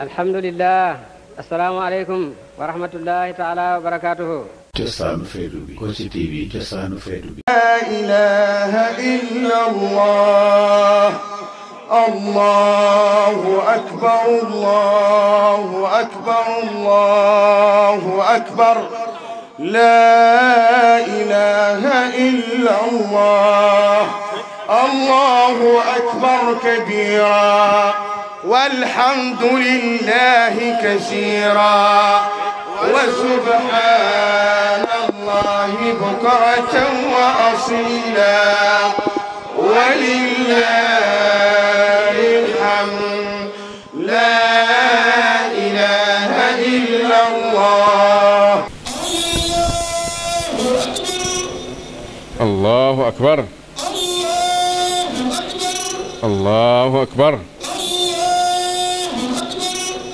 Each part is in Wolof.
الحمد لله السلام عليكم ورحمة الله تعالى وبركاته جسان فيدوبي كوشي تي في جسان فيدوبي لا إله إلا الله الله أكبر الله أكبر الله أكبر لا إله إلا الله الله أكبر كبيرا والحمد لله كثيرا وسبحان الله بكرة وأصيلا ولله الحمد لا إله إلا الله الله أكبر الله أكبر, الله أكبر.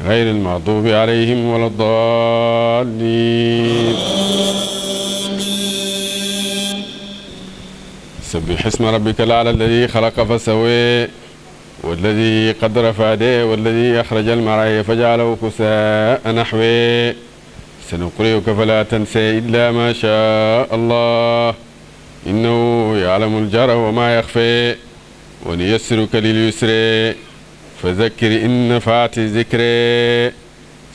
غير المغضوب عليهم ولا الضالين سبح اسم ربك الاعلى الذي خلق فسوي والذي قدر فهدي والذي اخرج المرعي فجعله كساء نحوي سنقرئك فلا تنسى الا ما شاء الله انه يعلم الجار وما يخفي ونيسرك لليسر فذكر إن نفعت ذكري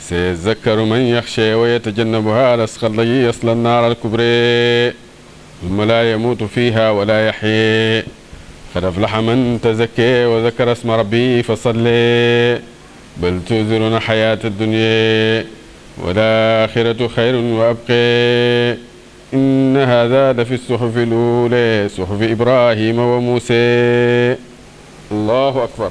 سيذكر من يخشى ويتجنبها رسخ الله يصل النار الكبرى ثم لا يموت فيها ولا يحيى قد أفلح من تزكى وذكر اسم ربي فصلى بل تؤثرون حياة الدنيا والآخرة خير وأبقى إن هذا لفي الصحف الأولى صحف إبراهيم وموسى الله أكبر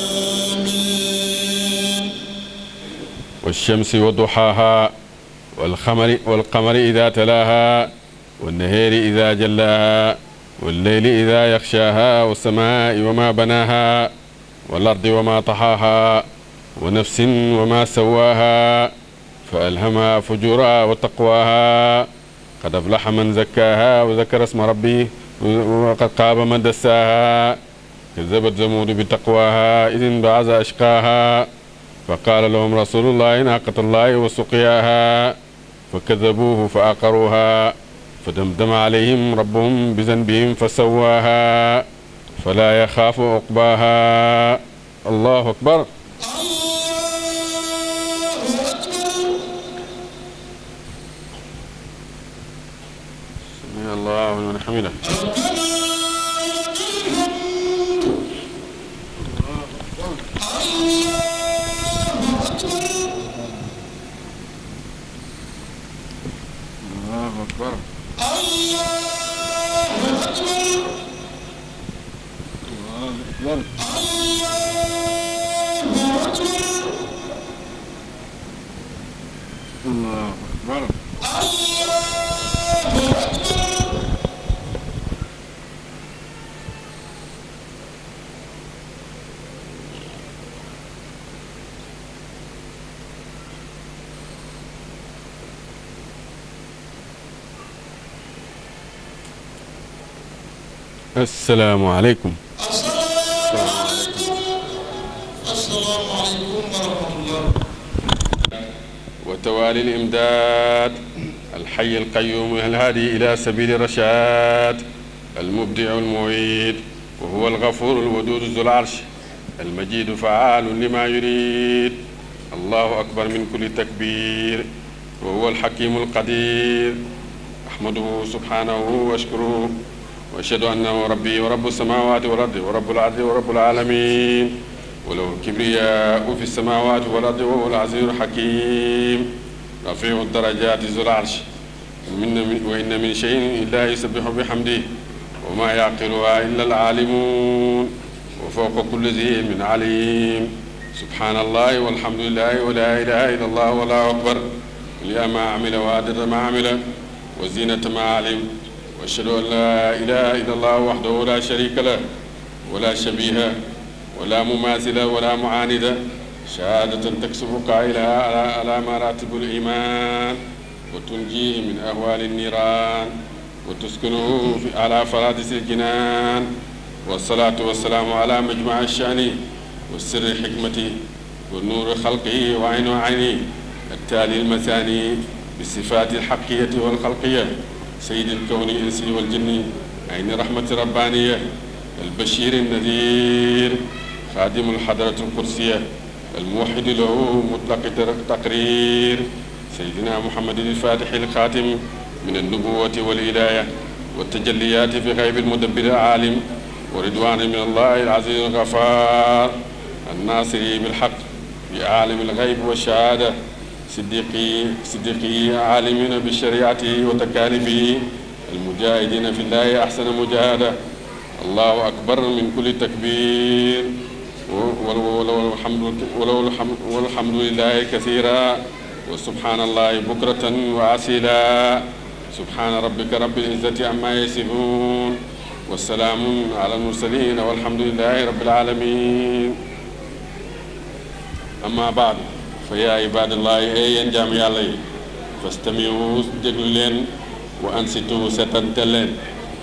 والشمس وضحاها والخمر, والقمر إذا تلاها والنهير إذا جلاها والليل إذا يخشاها والسماء وما بناها والأرض وما طحاها ونفس وما سواها فألهمها فجورها وتقواها قد أفلح من زكاها وذكر اسم ربه وقد قاب من دساها كذبت زمود بتقواها إذ انبعث أشقاها فقال لهم رسول الله ناقة الله وسقياها فكذبوه فأقروها فدمدم عليهم ربهم بذنبهم فسواها فلا يخاف عقباها الله أكبر سمع الله لمن حمده أكبر الله أكبر السلام عليكم وآل الإمداد الحي القيوم الهادي إلى سبيل الرشاد المبدع المعيد وهو الغفور الودود ذو العرش المجيد فعال لما يريد الله أكبر من كل تكبير وهو الحكيم القدير أحمده سبحانه وأشكره وأشهد أنه ربي ورب السماوات والأرض ورب العدل ورب العالمين وله الكبرياء في السماوات والأرض وهو العزيز الحكيم رفيع الدرجات ذو العرش وإن من شيء إلا يسبح بحمده وما يعقلها إلا العالمون وفوق كل ذي علم عليم سبحان الله والحمد لله ولا إله إلا الله ولا أكبر وليا ما عمل وأدر ما عمل وزينة ما علم وأشهد أن لا إله إلا الله وحده لا شريك له ولا شبيه ولا مماثل ولا معاند شهادة تكسب إلى على مراتب الإيمان وتنجيه من أهوال النيران وتسكنه على فرادس الجنان والصلاة والسلام على مجمع الشأن والسر حكمته والنور خلقه وعين عيني التالي المثاني بالصفات الحقية والخلقية سيد الكون الإنس والجن عين رحمة ربانية البشير النذير خادم الحضرة القدسية الموحد له مطلق التقرير سيدنا محمد الفاتح الخاتم من النبوة والولاية والتجليات في غيب المدبر العالم ورضوان من الله العزيز الغفار الناصري بالحق في عالم الغيب والشهادة صديقي صديقي عالمين بالشريعة وتكاليفه المجاهدين في الله أحسن مجاهدة الله أكبر من كل تكبير والحمد لله كثيرا وسبحان الله بكرة وعسيلا سبحان ربك رب العزة عما يصفون والسلام على المرسلين والحمد لله رب العالمين أما بعد فيا عباد الله أي جام يالي فاستمعوا دجلين وأنصتوا ستنتلين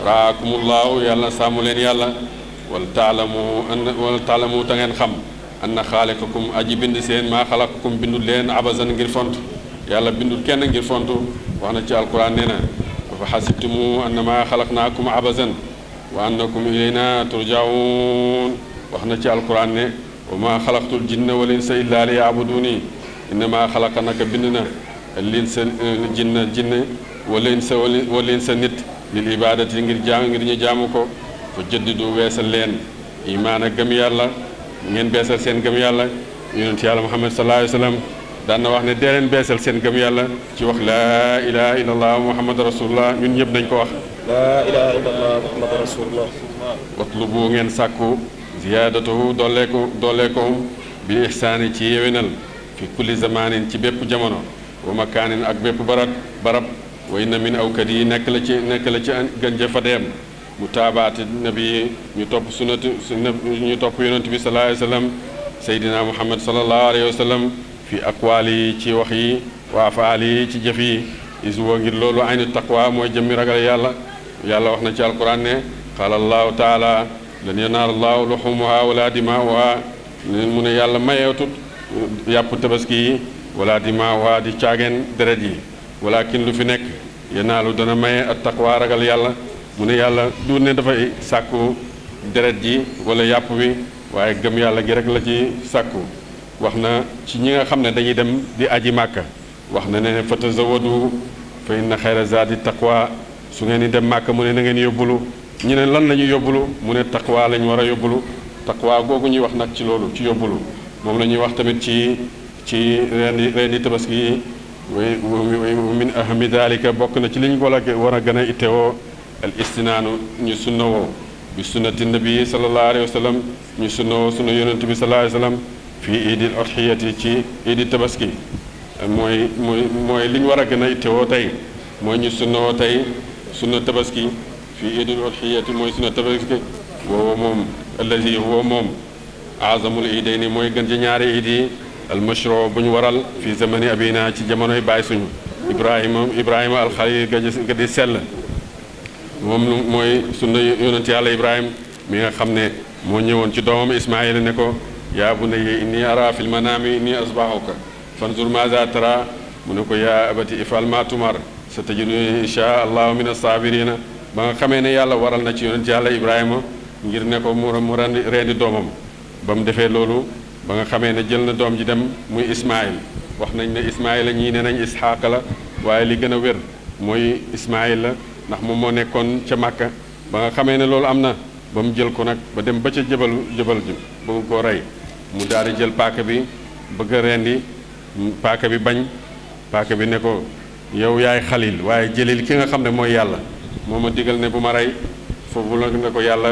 رعاكم الله يلا سامولين يلا ولتعلموا ان ولتعلموا تنين خم ان خالقكم اجي بند سين ما خلقكم بند لين عبزا غير فونت يالا بند كين غير فونت وانا تي القران نينا فحسبتم انما خلقناكم عبزا وانكم الينا ترجعون وانا تي القران ني وما خلقت الجن والانس الا ليعبدوني انما خلقناك بندنا الانس الجن الجن والانس والانس نيت للعباده غير جام غير ني جامكو fa jëddidu weesal leen imaan ak gëm yàlla ngeen beesal seen gëm yàlla ci yàlla muhammad sallallahu alayhi wa sallam daan wax ne dee leen beesal seen gëm yàlla ci wax laa ilaha illallah muhammad laa ñun ñëpp dañ ko wax laa ilaha illallah muhammad rasulullah watlubu ngeen sàkku ziyaadatahu dooleeku bi ihsaani ci yewenal fi kulli zamanin ci bépp jamono wa makaanin ak bépp barat barab way na min awkat yi nekk la ci nekk la ci gën ja mu taabaati nabi ñu topp sunnatu ñu topp yonent bi sallallahu alayhi wa sallam seydina muhammad sallallahu alayhi wa sallam fi aqwaal yi ci wax yi wa afaal yi ci jëf yi is woo ngir loolu aynu taqwa mooy jëmmi ragal yàlla yàlla wax na ci alquran ne qaala allahu taala lan yanaala allahu luxumuha wala dimaauha mu ne yàlla mayeetut yàpp tabaski yi wala dimaauha di caageen deret yi walakin lu fi nekk yanaalu dana maye at taqwa ragal yàlla mu ne yàlla du ne dafay sàkku deret ji wala yàpp wi waaye gëm yàlla gi rekk la ci sàkku wax na ci ñi nga xam ne dañuy dem di aji màkka wax na ne fa tazawadu fa inna xayra zaadi taqwa su ngeen di dem màkka mu ne na ngeen yóbbulu ñu ne lan la ñu yóbbulu mu ne taqwa lañ war a yóbbulu takkwa googu ñuy wax nag ci loolu ci yóbbulu moom la ñuy wax tamit ci ci rendi rendi tabaski yi wa min ahami dalika bokk na ci liñ ko war a gën a ittewoo الاستنان نسنو بسنة النبي صلى الله عليه وسلم نسنو سنة يونتبي صلى الله عليه وسلم في عيد الأضحية تي عيد التبسكي mooy mooy mooy li ñu war a gën a ittewoo tey mooy ñu sunnawoo tey sunna tabaski fii idul udhiyati mooy sunna tabaski woowa moom allazi huwa moom azamul idayni mooy gën ci ñaari iid yi al mashru bu ñu waral fii zamani abina ci jamonoy baay suñu ibrahima ibrahima alxalil ga di sell moom mooy sunna yonent yàlla ibrahim mi nga xam ne moo ñëwoon ci doomam ismaila ne ko yaa bunayya inni ara fil manaami inni asbahuka fanzur maaza tara mu ne ko yaa abati ifal ma tumar sa tajiduni insha allahu min asabirina ba nga xamee ne yàlla waral na ci yonent yàlla ibrahima ngir ne ko mu mu rendi rendi doomam ba mu defee loolu ba nga xamee ne jël na doom ji dem muy ismail wax nañ ne ismail la ñii ne nañ isxaaq la waaye li gën a wér mooy ismail la ndax moom moo nekkoon ca màkk ba nga xamee ne loolu am na ba mu jël ko nag ba dem ba ca jëbal jëbal ji bëgg koo rey mu daal di jël paaka bi bëgg rendi paaka bi bañ paaka bi ne ko yow yaay xalil waaye jëlil ki nga xam ne mooy yàlla moo ma digal ne bu ma rey foofu nag ne ko yàlla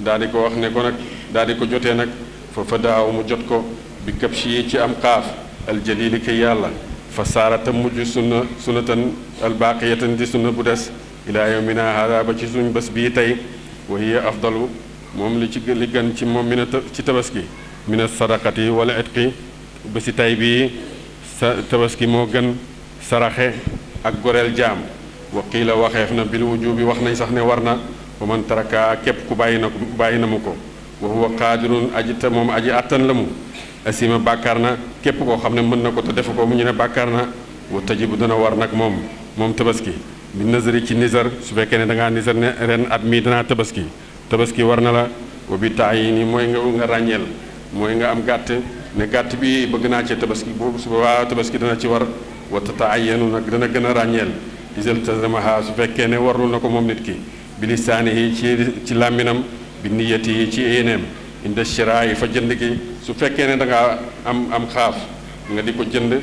daal di ko wax ne ko nag daal di ko jotee nag foofu fa daaw mu jot ko bi këp si ci am xaaf aljalili ki yàlla fa saarata mujj sunna ya albaqiyatan di sunna bu des ilaa yawmina haada ba ci suñu bés bii tey wa hiya afdalu moom li ci li gën ci moom mina ci tabaski mina sadaqati wala itqi ba tey bii sa tabaski moo gën saraxe ak goreel jaam wa qiila waxeef na bil bi wax nañ sax ne war na wa man taraka képp ku bàyyi na bàyyi na mu ko wa huwa aji te moom aji àttan la mu asima bàkkaar na képp koo xam ne mën na ko te defu ko mu ñu ne bàkkaar na wa tajibu dana war nag moom moom tabaski bi nësëri ci nisar su fekkee ne da ngaa nisar ne ren at mii danaa tabaski tabaski war na la wa bi taa yi nii mooy nga nga ràññeel mooy nga am gàtt ne gàtt bi bëgg naa ci tabaski boobu su boobaa tabaski dana ci war wa taa yenu dana gën a ràññeel isal tasamaha su fekkee ne warlu na ko moom nit ki bi lisaani ci ci làmminam bi niyati yi ci yéeneem inda shira yi fa jënd gi su fekkee ne da am am xaaf nga di ko jënd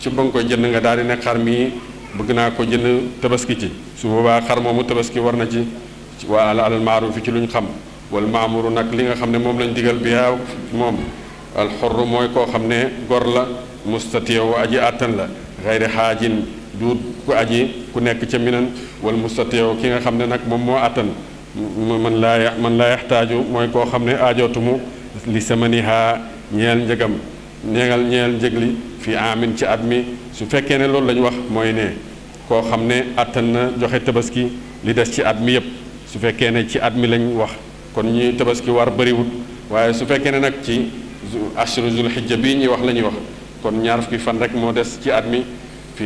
ci ba koy jënd nga daal di ne xar mii bëgg naa ko jënd tabaski ci su boobaa xar moomu tabaski war na ci waa alal maaruf ci lu ñu xam wala maamuru nag li nga xam ne moom lañ digal bi yaa moom alxorru mooy koo xam ne gor la mustatiw aji àttan la xayri xaajin duut ku aji ku nekk ca minan wala mustatiw ki nga xam ne nag moom moo àttan man laa man laa yaxtaaju mooy koo xam ne li samaniha ñeel njëgam ñeel ñeel njëgli fi amin ci at su fekkee ne loolu la ñu wax mooy ne koo xam ne àttan na joxe tabaski li des ci at mi yëpp su fekkee ne ci at mi lañ wax kon ñuy tabaski war bëriwut waaye su fekkee ne nag ci ashru zul xijja bii ñuy wax la ñuy wax kon ñaar fi fan rek moo des ci at mi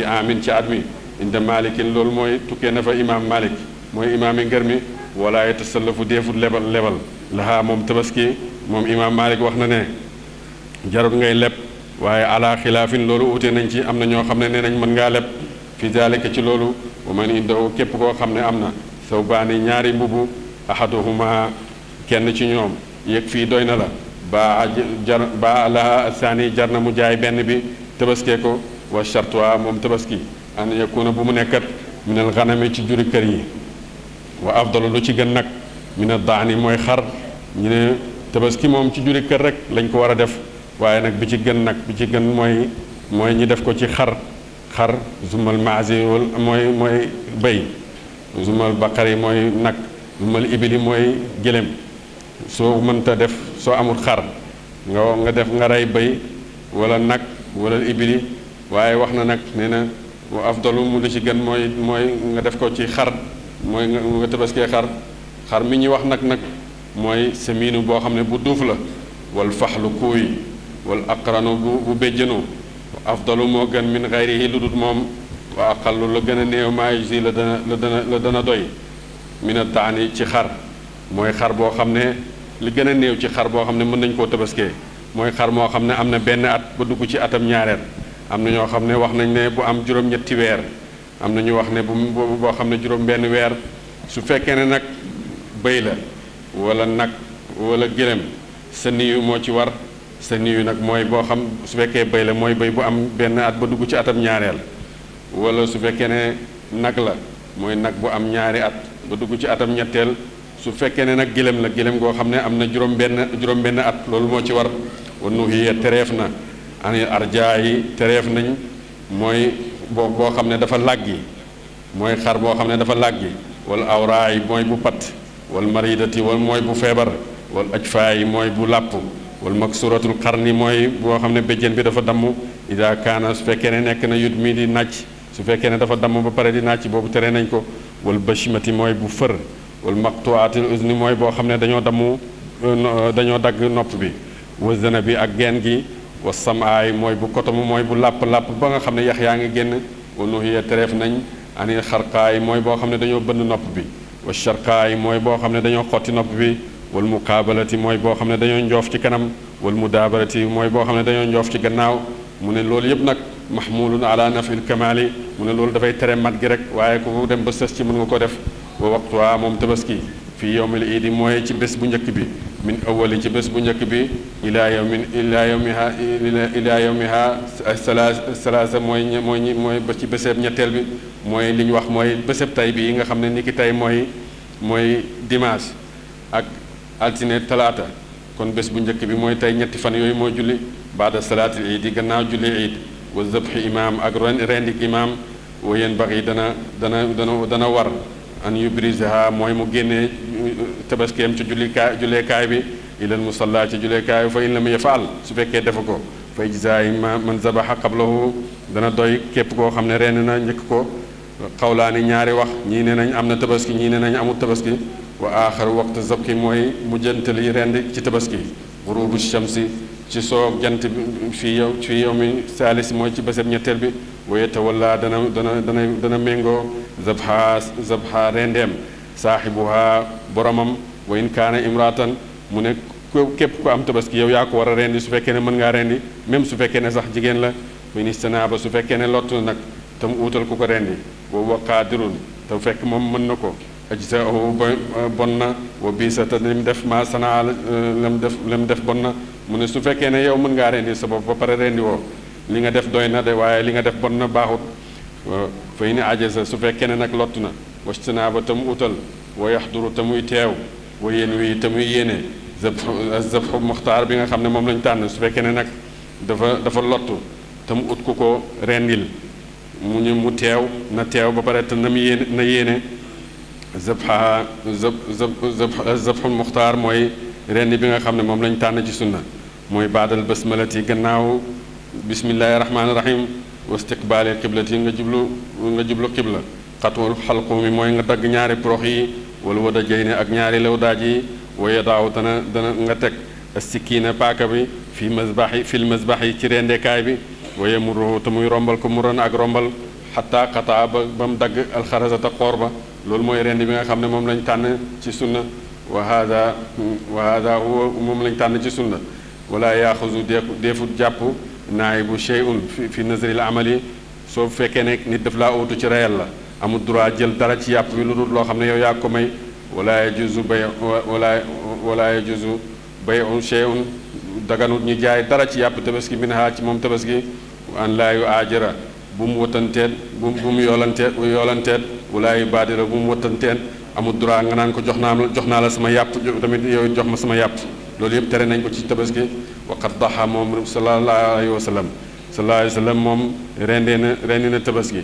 amin ci at mi inda malikin loolu mooy tukkee na fa imam malik mooy imaam yi ngër mi walaaye tasallafu deefut lebal lebal lahaa moom tabaski moom imam malik wax na ne jarut ngay lepp waaye ala xilaafin loolu ute nañ ci am na ñoo xam ne nee nañ mën ngaa leb fi daalika ci loolu wa man indahu képp koo xam ne am na saw baani ñaari mbubu ahaduhuma kenn ci ñoom yëg fii doy na la baa jar baa laha saani jar na mu jaay benn bi tabaskee ko wa chartwa moom tabaski an yakuna bu mu nekkat minal xanami ci juri kër yi wa afdalu lu ci gën nag mina daani mooy xar ñu ne tabaski moom ci juri kër rek lañ ko war a def waaye nag bi ci gën nag bi ci gën mooy mooy ñi def ko ci xar xar zumal maasi wal mooy mooy béy zumal baqari mooy nag zumal ibili mooy gëléem soo mënta def soo amul xar nga nga def nga rey wala nag wala ibili waaye wax na nag nee na afdalu mu li ci gën mooy mooy nga def ko ci xar mooy nga xar xar ñuy wax nag nag mooy seminu boo xam ne bu duuf la wal lu kuuy wal aqranu bu bu béjjanoo afdalu moo gën min xayrihi lu dut moom wa aqallu la gën a néew maayusi la dana la dana la doy mina taani ci xar mooy xar boo xam ne li gën a néew ci xar boo xam ne mën nañ koo tabaskee mooy xar moo xam ne am na benn at ba dugg ci atam ñaareel am na ñoo xam ne wax nañ ne bu am juróom-ñetti weer am na ñu wax ne bu boo xam ne juróom-benn weer su fekkee ne nag bëy la walla nag walla gëlëm sa niyu moo ci war sëñ yu nag mooy boo xam su fekkee béy la mooy bay bu am benn at ba dugg ci atam ñaareel wala su fekkee ne nag la mooy nag bu am ñaari at ba dugg ci atam ñetteel su fekkee ne nag gilem la gilem goo xam ne am na juróom benn at loolu moo ci war wa nuhiya tereef na ani arjaa yi tereef nañu mooy boo boo xam ne dafa làggi mooy xar boo xam ne dafa làggi wala awraay mooy bu pat wal maridati wal mooy bu feebar wal ajfaay mooy bu làpp والمكسورة القرن موي بو خامني بجين بي دا فا دامو اذا كان فكر نيك نا يوت مي دي ناتش سو فكر دا فا دامو با بري دي ناتش بوبو تري نانكو والبشمه موي بو فر والمقطوعه الاذن موي بو خامني دانيو دامو دانيو داغ نوب بي وزن بي اك ген جي والسماع موي بو كوتوم موي بو لاب لاب باغا خامني يخ ياغي ген ونو هي تريف نان اني خرقاي موي بو خامني دانيو بن نوب بي والشرقاي موي بو خامني دانيو خوتي نوب بي والمقابلة موي بو خامني دانيو نجوف سي كانام والمدابرة موي بو خامني دانيو نجوف سي غناو موني لول ييب نا محمول على نفع الكمال موني لول دا فاي تري مات جي رك وايي كو ديم با سيس سي مون نكو ديف ووقتوا موم تبسكي في يوم العيد موي سي بس بو نيك بي من اول سي بس بو نيك بي الى يوم الى يومها الى يومها الثلاث موي موي موي با سي بسيب نيتل بي موي لي نخ موي بسيب تاي بي ييغا خامني نيكي تاي موي موي ديماج altine talata kon bés bu ñëk bi moy tay ñetti fan yoy moo julli ba'da salati iid yi gannaaw julli eid wa zabh imam ak rendi imam wa yéen bax dana dana dana dana war an yubrizha moy mu genné tabaskem ci julli jullikaay kay bi ila al musalla ci julleekaay kay fa in lam yafal su fekke defa ko fay jisaay ma man zabaha qablahu dana doy kep ko xamne rendi na ñëk ko xawlaani ñaari wax ñi ne nañ am tabaski ñi ne nañ amul tabaski wa aaxar waxtu zabki mooy mujjantali rendi ci tabaski gurubu shamsi ci soog jant bi fii yow fii yow mi saalis mooy ci béseb ñetteel bi waye tawalla dana dana dana dana méngoo zabha zabha rendeem saaxibuha boromam wa in kaana imratan mu ne ko képp ku am tabaski yow yaa ko war a rendi su fekkee ne mën ngaa rendi même su fekkee ne sax jigéen la wa in istanaaba su fekkee ne lottu nag tam uutal ku ko rendi boobu wa qaadirun te fekk moom mën na ko ajsaahu bon na wa biisata li mu def maa sanaa la mu def la mu def bon na mu ne su fekkee ne yow mën ngaa rendi sa bopp ba pare rendi woo li nga def doy na de waaye li nga def bon na baaxut fay ni ajasa su fekkee ne nag lott na wastinaaba tam utal wa yaxduru te muy teew wa yéen wi te muy yéene zëb zëb muxtaar bi nga xam ne moom lañ tànn su fekkee ne nag dafa dafa lottu te mu ut ku ko rendil mu ñu mu teew na teew ba pare te na mu yéene na yéene zabha zabhul muxtaar mooy renni bi nga xam ne moom lañ tànn ci sunna mooy baadal basmalati gannaaw bismillahi rahmaani rahim wastiqbaali qiblati nga jublu nga jublu qibla xatul xalqu mi mooy nga dagg ñaari prox yi wala wada jay ak ñaari lewdaaj yi waye daaw dana dana nga teg sikkiina paaka bi fii masbax yi fil masbax yi ci rendekaay bi waye mu te muy rombal ko mu ak rombal xataa xataa ba ba mu dagg alxarasata xoor ba loolu mooy rend bi nga xam ne moom lañ tànn ci sunna wa hada wa moom lañ tànn ci sunna wala yaaxusu deefut jàpp naay bu sheyun fi nazril amali soo fekkee ne nit daf laa ootu ci reyal la amul droit jël dara ci yàpp bi lu dul loo xam ne yow yaa ko may wala yajuzu bay wala wala yajuzu bayun sheyun daganut ñu jaay dara ci yàpp tabaski minha ci moom tabaski an laa yu aajira bu mu watanteet bu walaay baadira bu mu wattanteen amul droit nga naan ko jox naa jox naa la sama yàpp tamit yow jox ma sama yàpp loolu yëpp tere nañ ko ci tabaski waqat daxa moom sallallahu alayhi wa sallam sallallahu alayhi wa sallam moom rendee na rendi na tabaski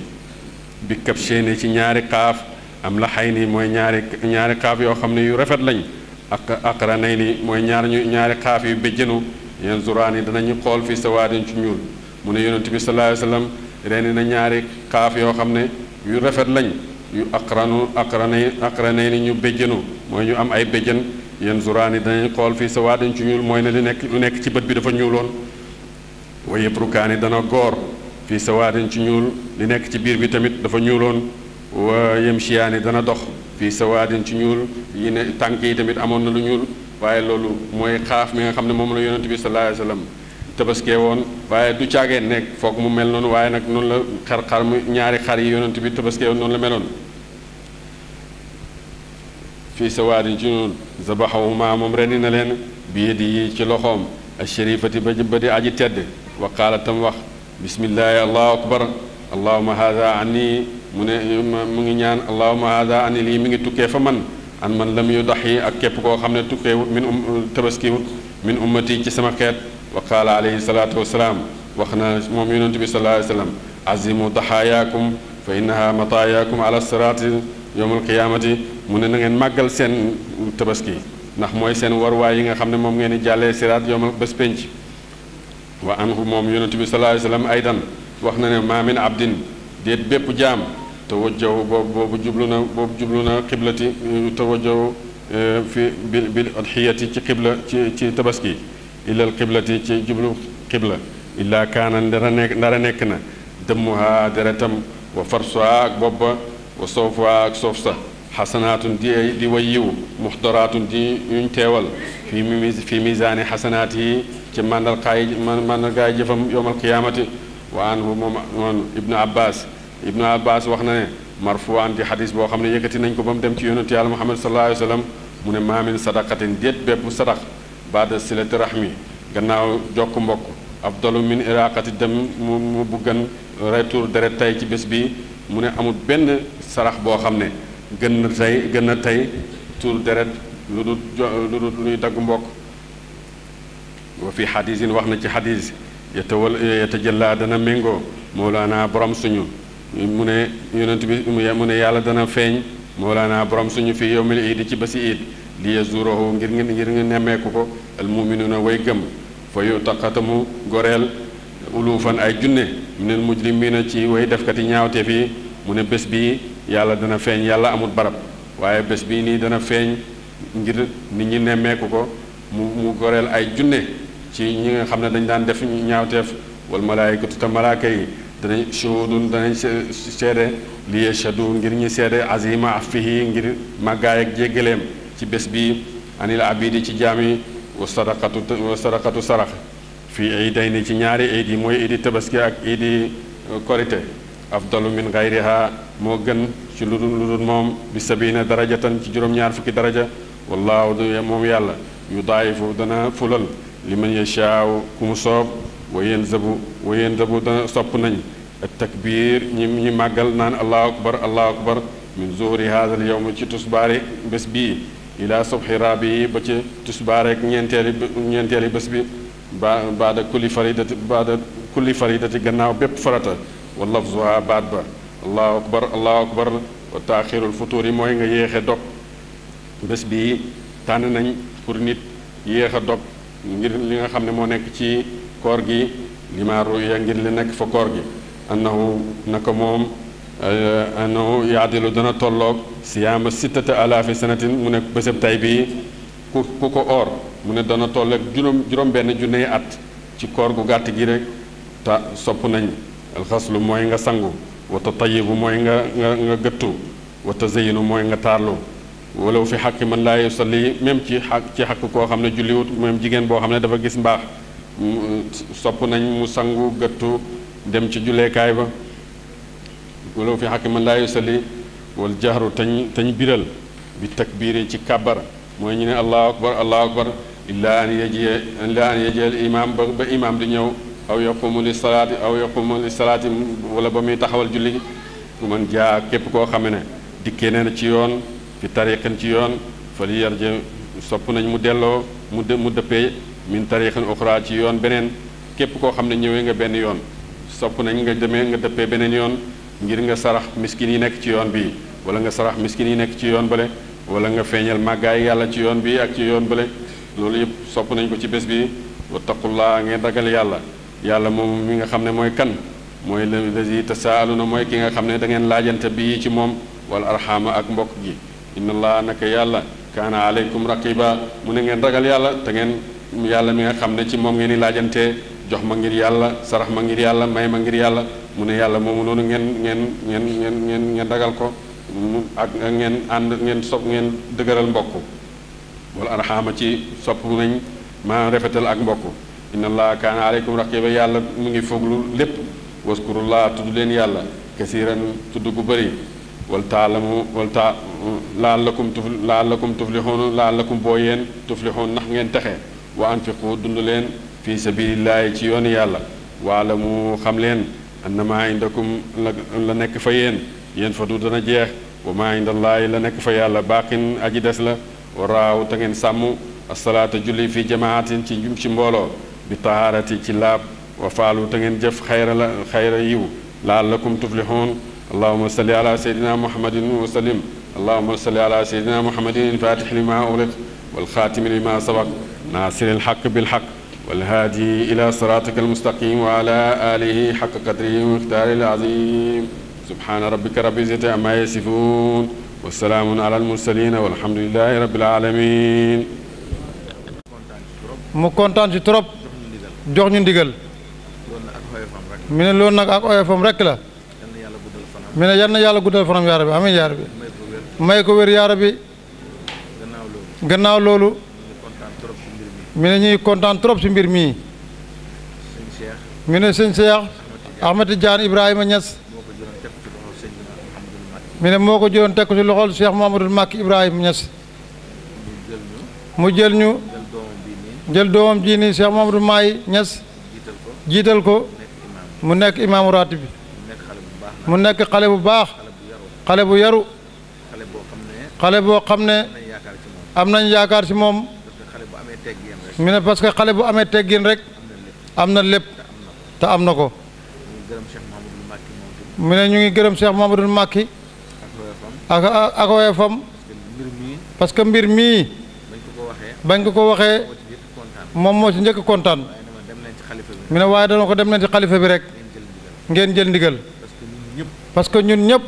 bi kab cheene ci ñaari xaaf am la xay nii mooy ñaari ñaari xaaf yoo xam ne yu rafet lañ ak aqra nay nii mooy ñaar ñu ñaari xaaf yu béjjënu yeen zuraan yi danañu xool fii sa waadin ci ñuul mu ne yonent bi sallallahu alayhi wa sallam rendi na ñaari xaaf yoo xam ne yu rafet lañ yu aqranu aqranay aqranay ni ñu béjjanu mooy ñu am ay béjjan yenn zuraani dañuy xool fii sa waa ci ñuul mooy na li nekk lu nekk ci bët bi dafa ñuuloon wa yebrukaani dana goor fii sa waa ci ñuul li nekk ci biir bi tamit dafa ñuuloon wa yemsiyaani dana dox fii sa waa ci ñuul yi ne tànk yi tamit amoon na lu ñuul waaye loolu mooy xaaf mi nga xam ne moom la yonent bi sallallahu alayhi tabaskee woon waaye du caageen nekk foog mu mel noonu waaye nag noonu la xar xar mu ñaari xar yi yonent bi tabaskee woon noonu la meloon fii sa waadin ci noonu zabaxahuma moom rendi na leen biye yi ci loxoom a sharifati ba ba di aji tedd wa qaala tam wax bismillaahi allahu akbar allahuma hada anni mu ne mu ngi ñaan allahuma hada anni lii mi ngi tukkee fa man an man lam yu dax yi ak képp koo xam ne tukkee wut min um tabaski min ummati ci sama xeet وقال عليه الصلاة والسلام وخنا مؤمن النبي صلى الله عليه وسلم عزيموا ضحاياكم فإنها مطاياكم على الصراط يوم القيامة من نعن مقل سن تبسكي نحمو سن ورواي إن خمن مؤمن جال الصراط يوم بسبنج وأنه مؤمن النبي صلى الله عليه وسلم أيضا وخنا ما من عبد ديت بيب جام توجهوا بوب بوب جبلنا بوب جبلنا قبلتي توجهوا في بالأضحية تي قبلة تي تبسكي إلى القبلة جبل قبلة إلا كان نرى نكنا دمها درتم وفرسها بوبا وصوفها صوفسا حسنات دي دي ويو محضرات دي ينتول في في ميزان حسناته كما نلقى ما نلقى يوم القيامة وعنه ابن عباس ابن عباس وخنا مرفوع عندي حديث بو خامني يكتي نانكو بام دم تي محمد صلى الله عليه وسلم من ما من صدقه ديت بيب صدقه baada silati rahmi gannaaw jokk mbokk afdalu min iraqati dem mu buggan retour deret tey ci bés bi mu ne amul benn sarax boo xam ne gën na tey gën na tey tuur deret lu dul lu dul luy dagg mbokk wa fi xadisin wax na ci xadis yetawal yetajalla dana méngoo moolaana borom suñu mu ne yonent bi mu ne yàlla dana feeñ moolaana borom suñu fi yowmil iid ci bési iid li yazuurahu ngir ngeen ngir ngeen nemmeeku ko almuminuuna way gëm fa yu mu goreel ulufan ay junne mu minal mujrimiina ci way defkati ñaawteef yi mu ne bés bi yàlla dana feeñ yàlla amul barab waaye bés bii nii dana feeñ ngir nit ñi nemmeeku ko mu mu goreel ay junne ci ñi nga xam ne dañ daan def ñaawteef wal malaayikatu te malaaka yi danañ shuhudun danañ seede li yashadu ngir ñi seede azima afihi ngir màggaay ak jéggaleem ci bés bi anil abidi ci jaam yi wa sadaqatu wa sadaqatu sarax fii iidayni ci ñaari iid yi mooy iidi tabaski ak iidi korite afdalu min gayriha moo gën ci lu dul lu bi sabina darajatan ci juróom-ñaar fukki daraja wallaahu moom yàlla yu daayifu dana fulal li man yashaaw ku mu zabu wa zabu dana sopp nañ takbir ñi ñi màggal naan allahu akbar allahu akbar min zuhuri haadal yowm ci tusbaari إلى صبح رابي بتي تسبارك نينتيلي نينتيلي بس بي بعد كل فريدة بعد كل فريدة جناو بيب فرطة واللفظ بعد بر الله أكبر الله أكبر وتأخير الفطور موين يه خدوب بس بي تاني نين فرنيت يه خدوب نير لين خامن مونك تي كورجي لما رو ينجر لينك فكورجي أنه نكموم Euh, annahu yaadilu dana tolloog siyaama sittata alaafi sanatin mu ne bésëb tay bii ku ku ko oor mu ne dana tolloog juróom juróom-benn junney at ci koor gu gàtt gi rek te sopp nañ alxaslu mooy nga sangu wata tayibu mooy nga nga nga gëttu wata zeyinu mooy nga taarlu walaw fi xàq man laa yusalli même ci xàq ci xàq koo xam ne julliwut même jigéen boo xam ne dafa gis mbaax sopp nañ mu sangu gëttu dem ci julleekaay ba ولو fi xakki man laa yusalli wal jahru tañ tañ biral bi takbiri ci kàbbar mooy ñu ne allahu akbar allahu akbar illa an yajiye illa an yajiye al imam ba ba imam di ñëw aw yaqumu li salaati aw yaqumu li salaati wala ba muy taxawal julli ku man jaa képp koo xame ne dikkee nee na ci yoon fi tariqin ci yoon fa li yarje sopp nañ mu delloo mu de mu dëppee min tariqin uxra ci yoon beneen képp koo xam ne ñëwee nga benn yoon sopp nañ nga demee nga dëppee beneen yoon ngir nga sarax miskin yi nekk ci yoon bi wala nga sarax miskin yi nekk ci yoon bale wala nga feeñal màggaay yàlla ci yoon bi ak ci yoon bale loli yëpp sopp nañ ko ci bés bi wattaqullaa ngeen ragal yàlla yàlla moom mi nga xam ne mooy kan mooy lazi tasaaluna mooy ki nga xam ne da ngeen lajante bi ci wal arxaama ak mbokk gi inna allah naka yàlla kaana aleykum raqiba mu ne ngeen ragal yàlla te ngeen yàlla mi nga xam ne ci moom ngeen di jox ma ngir yàlla sarax ma ngir may ma ngir mu ne yàlla moom moomu noonu ngeen ngeen ngeen ngeen ngeen ngeen ragal ko ak ngeen ànd ngeen sopp ngeen dëgëral mbokk wala arxaama ci sopp nañ maa rafetal ak mbokk inna allaha kaana aleykum raqiba yàlla mu ngi foglu lépp waskurullaa tudd leen yàlla kasiiran tudd gu bëri wal taalamu wal ta laallakum tuf laallakum tuflixuun laallakum boo yéen tuflixuun ndax ngeen texe wa anfiqu dund leen fii sabilillaahi ci yoon yàlla waalamu xam leen annama indakum la la nekk fa yéen yéen fa du dana jeex wa maa indallaahi la nekk fa yàlla baaqin aji des la waraaw te ngeen sàmm asalaata julli fi jamaatin ci njum ci mbooloo bi tahaarati ci laab wa faalu te ngeen jëf xayra la xayra yiw laallakum tuflixuun allahuma salli ala seydina muhammadin wa sallim allahuma salli ala seydina muhammadin alfatix li ma uliq walxaatimi li ma sabaq naasiri alxaq bilxaq والهادي إلى صراطك المستقيم وعلى آله حق قدره ومختاره العظيم سبحان ربك رب العزة عما يصفون والسلام على المرسلين والحمد لله رب العالمين مو كونتان سي تروب جوخ ني ديغال من لون نك اك اويفام رك لا من يالنا يالا غودال فرام يا ربي امين يا ربي مايكو وير يا ربي غناو لولو غناو لولو mi ne ñuy kontaan trop ci mbir mii mi ne sëñ Cheikh Ahmed Tidiane Ibrahima Niass mi ne moo ko jëloon tekku ko ci loxol Cheikh Mouhamadoul Macky Ibrahima Niass mu jël ñu jël doomam jii nii Cheikh Mouhamadoul Maay Niass jiital ko mu nekk imaamu ratib bi mu nekk xale bu baax xale bu yaru xale boo xam ne am nañ yaakaar ci moom ñu ne parce que bu rek am na ta te am na ko mu ne ñu ngi gërëm Cheikh Mamadou Makki ak ak woyofam parce que mbir mii bañ ko ko waxee moom moo ci njëkk kontaan mu ne waaye dana ko dem leen ci xalifa bi rek ngeen jël ndigal parce que ñun ñëpp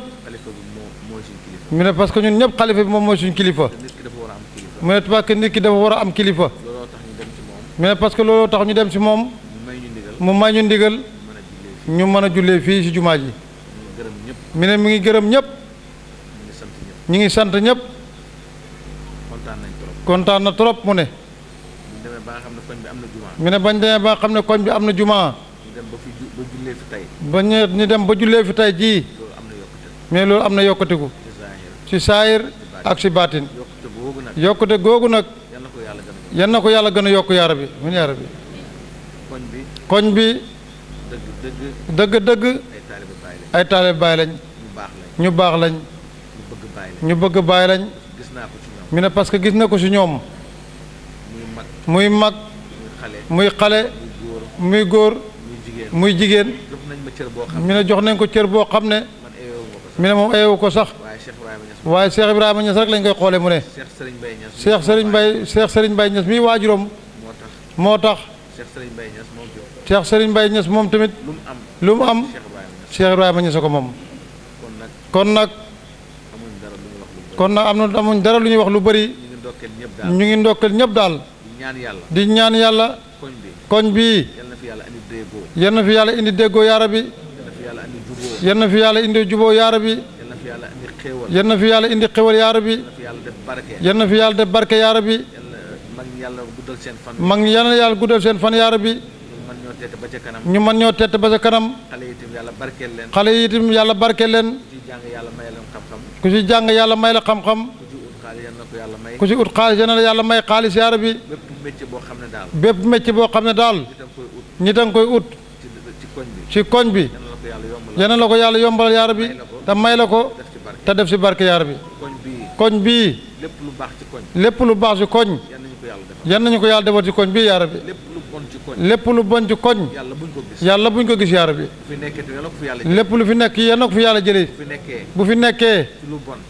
parce que ñun ñëpp bi suñu kilifa nit ki dafa am kilifa mais parce que looloo tax ñu dem si moom mu may ñu ndigal ñu mën a jullee fii si jumaa ji mu ne mi ngi gërëm ñëpp ñu ngi sant ñëpp kontaan na trop mu ne mu ne bañ demee ba nga xam ne koñ bi am na jumaa ba ñu ñu dem ba jullee fi tey ji mais loolu amna na yokkateku si saayir ak si baatin yokkute googu nag yenn na ko yàlla gën a yokk yaara bi min yaara bi koñ bi koñ bi dëgg dëgg ay taalibe baay lañ ñu baax lañ ñu bëgg baay lañ mi ne parce que gis na ko ci ñoom muy mag muy xale muy góor muy jigéen mi ne jox nañ ko cër boo xam ne mi ne moom eewu ko sax waaye Cheikh Ibrahima Niass rek lañ koy xoole mu ne Cheikh Serigne Baye Cheikh Serigne Baye Niass mi waajuram moo tax Cheikh Serigne Baye Niass moom tamit lu mu am Cheikh Ibrahima Niass ko moom kon nag kon nag am na amuñ dara lu wax lu bëri ñu ngi ndokkeel ñëpp daal di ñaan yàlla koñ bii yal fi yàlla indi déggoo yaara bi yal fi yàlla indi juboo yaara xéewal yal na fi yàlla indi xéewal yaa rabbi yal na fi yàlla def barke yaa rabbi mag yàlla guddal seen fan mag yàlla yàlla guddal seen fan yaa ñu mën ñoo tett ba ca kanam xale yi itam yàlla barkeel leen xale yi itam yàlla barkeel leen ku ci jàng yàlla may la xam-xam ku ci ut xaalis yal na la yàlla may xaalis yaa rabbi bépp métier boo xam ne daal bépp métier boo xam ne daal ñi danga koy ut ci koñ bi yal la ko yàlla yombalal yaa rabbi te may la ko te def si barke yaar bi koñ bii lépp lu baax ci koñ lépp lu baax ci koñ yan nañu ko yàlla defal ci koñ bii yaara bi lépp lu bon ci koñ yàlla buñ ko gis yaara bi lépp lu fi nekk yan na ko fi yàlla jëlee bu fi nekkee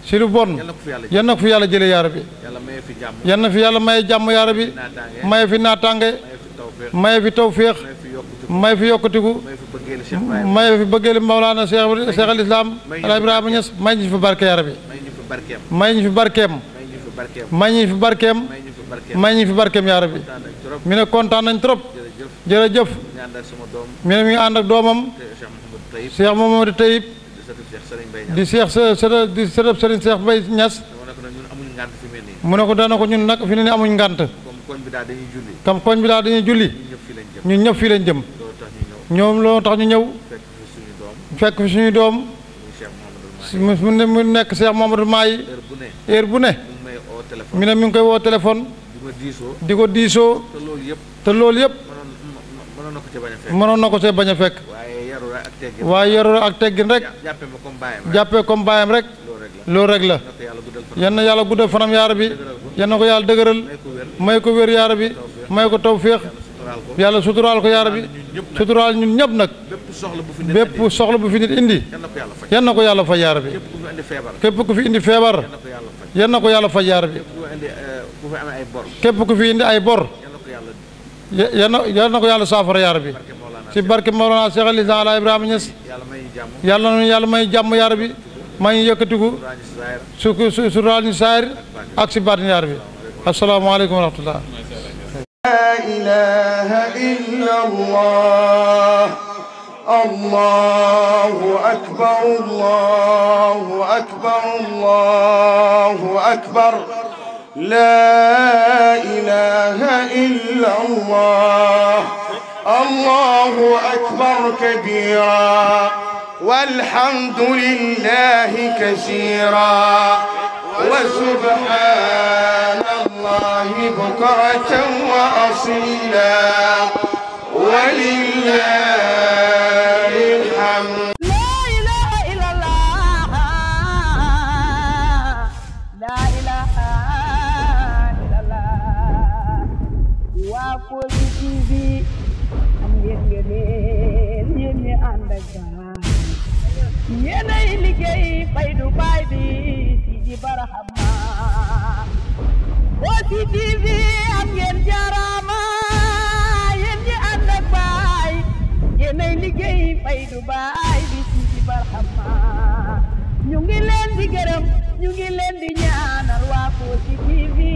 si lu bon yan na ko fi yàlla jëlee yaara bi yan na fi yàlla maye jàmm yaara bi maye fi naataange maye fi tawféex may fi yokkatiku may fi bëggeeli Mawlaana Cheikh Cheikh al Islam Al Ibrahima Niass may ñu fi barke yara bi may ñu fi barkeem may ñu fi barkeem may ñu fi barkeem yara mi ne kontaan nañ trop jërëjëf mi ne mi ngi ànd ak doomam Cheikh Mamadou Tayib di Cheikh sa di sërëb Serigne Cheikh Mbaye Niass mu ne dana ñun nag fi ne amuñ ngànt kam koñ bi daal dañuy julli ñun ñëpp fii lañ jëm ñoom loo tax ñu ñëw fekk fi suñu doom mu ne mu nekk Cheikh Mouhamadou Mahi heure bu ne mu ne mu ngi koy woo téléphone di ko diisoo te loolu yëpp mënoon na ko see bañ a fekk waaye yaroo ak teggin rek jàppee comme baayam rek loolu rek la yan na yàlla guddal fanam yaara bi yan na ko yàlla dëgëral may ko wér yaara bi may ko taw féex yàlla suturaal ko yaa rabbi suturaal ñun ñëpp nag bépp soxla bu fi nit indi yan na ko yàlla faj yaa rabbi képp ku fi indi feebar yan na ko yàlla faj yaa rabbi képp ku fi indi ay bor yan na yan na ko yàlla saafara yaa rabbi ci barke Mawlana Cheikh Al Islam Ala Ibrahima Niass yàlla na yàlla may jàmm yaa rabbi may yëkkatiku su suturaal ñu saayir ak si baatin yaa rabbi asalaamaaleykum wa rahmatullah إله إلا الله الله أكبر الله أكبر الله أكبر لا إله إلا الله الله أكبر كبيرا والحمد لله كثيرا وسبحان الله الله بكرة وأصيلا ولله الحمد لا إله إلا الله لا إله إلا الله وكل شيء yéenay liggéey fay du baay bi si ji baraham Kossy TV am ngeen jaaraama yéen ñi ànd baay yéenay liggéey fay du baay bi ci ci barxama leen di gërëm ñu leen di ñaanal waa Kossy TV